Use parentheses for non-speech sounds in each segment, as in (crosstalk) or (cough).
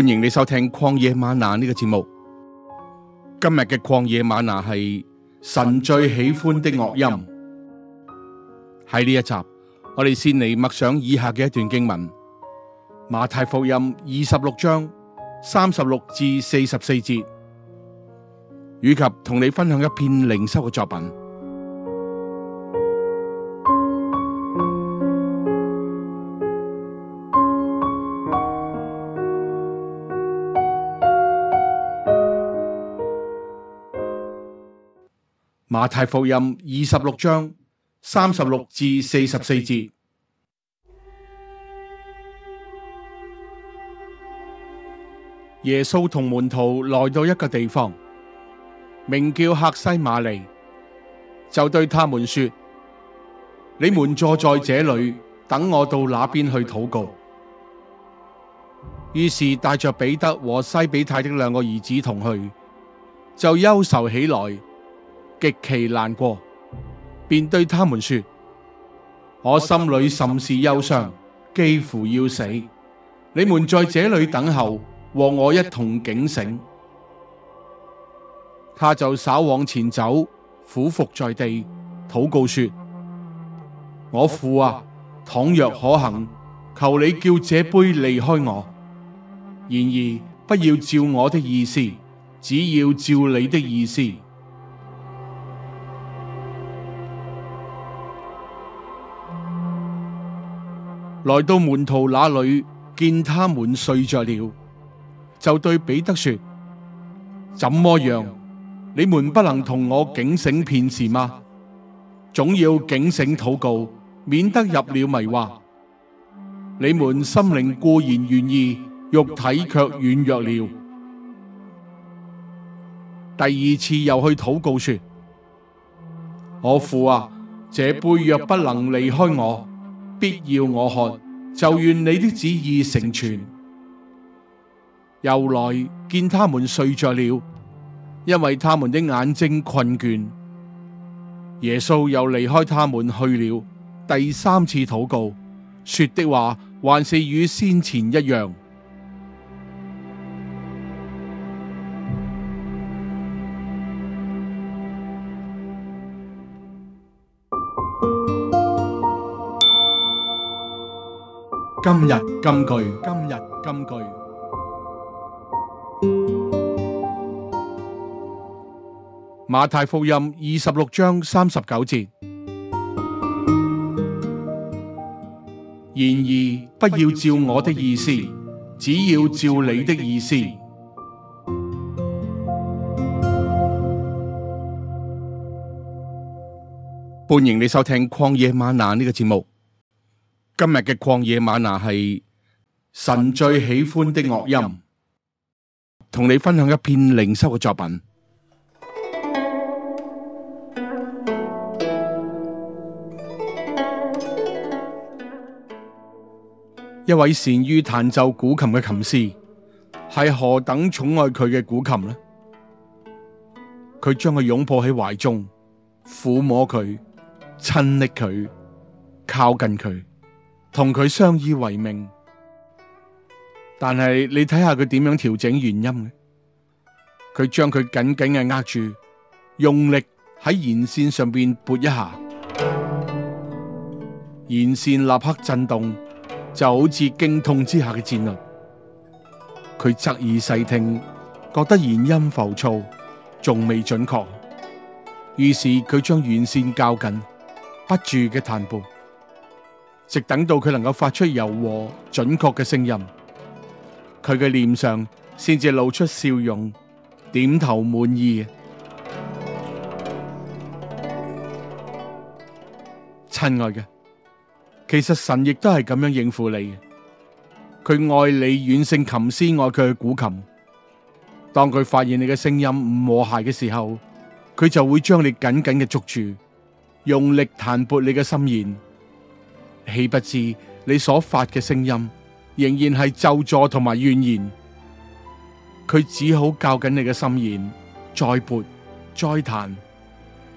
歡迎你收聽曠野嗎哪呢個節目。今日嘅曠野嗎哪係神最喜歡的樂音。喺呢一集，我哋先嚟默想以下嘅一段經文：馬太福音二十六章三十六至四十四節，以及同你分享一篇靈修嘅作品。馬太福音二十六章三十六至四十四節，耶穌同門徒來到一個地方，名叫客西馬尼，就對他們說：你們坐在這裏，等我到那邊去禱告。 (noise) 於是帶着彼得和西庇太的兩個兒子同去，就憂愁起來。極其難過，便對他們說：我心裏甚是憂傷，幾乎要死。你們在這裏等候，和我一同警醒。他就稍往前走，俯伏在地，禱告說：我父啊，倘若可行，求你叫這杯離開我。然而不要照我的意思，只要照你的意思。來到門徒那裏，見他們睡着了，就對彼得說：怎麼樣，你們不能同我警醒片時嗎？總要警醒禱告，免得入了迷惑。你們心靈固然願意，肉體卻軟弱了。第二次又去禱告說：我父啊，這杯若不能離開我。必要我喝，就願你的旨意成全。又來見他們睡着了，因為他們的眼睛困倦。耶穌又離開他們去了，第三次禱告，說的話還是與先前一樣。今日金句，今日金句。馬太福音二十六章三十九節。然而，不要照我的意思，只要照你的意思。歡迎你收聽曠野嗎哪呢個節目。今日嘅曠野嗎哪係神最喜歡的樂音，同你分享一篇靈修嘅作品。 (music) 一位善於彈奏古琴嘅琴師，係何等寵愛佢嘅古琴呢？佢將佢擁抱喺懷中，撫摸佢，親昵佢，靠近佢。同佢相依為命，但係你睇下佢點樣調整弦音嘅？佢將佢緊緊嘅握住，用力喺弦線上邊撥一下，弦線立刻震動，就好似驚痛之下嘅戰慄。佢側耳細聽，覺得弦音浮躁，仲未準確，於是佢將弦線較緊，不住嘅彈撥。直等到佢能夠發出柔和、準確嘅聲音，佢嘅臉上先至露出笑容，點頭滿意嘅。親愛嘅，其實神亦都係咁樣應付你，佢愛你遠勝琴師，愛佢嘅古琴。當佢發現你嘅聲音唔和諧嘅時候，佢就會將你緊緊嘅捉住，用力彈撥你嘅心弦。豈不知你所發嘅聲音，仍然係咒詛、同埋怨言，佢只好教緊你嘅心弦，再撥再彈，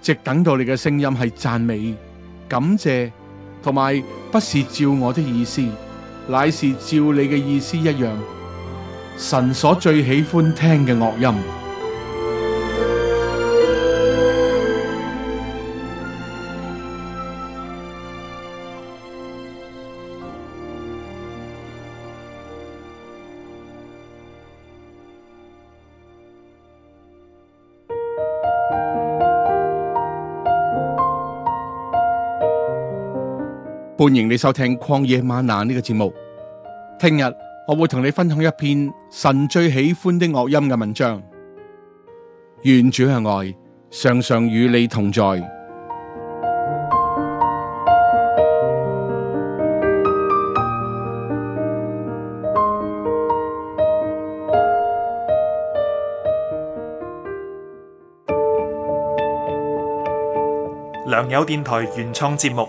直等到你嘅聲音係讚美、感謝同埋不是照我的意思，乃是照你嘅意思一樣。神所最喜歡聽嘅樂音。歡迎你收聽曠野嗎哪呢個節目。聽日我會同你分享一篇神最喜歡的樂音嘅文章。願主嘅愛，常常與你同在。良友電台原創節目。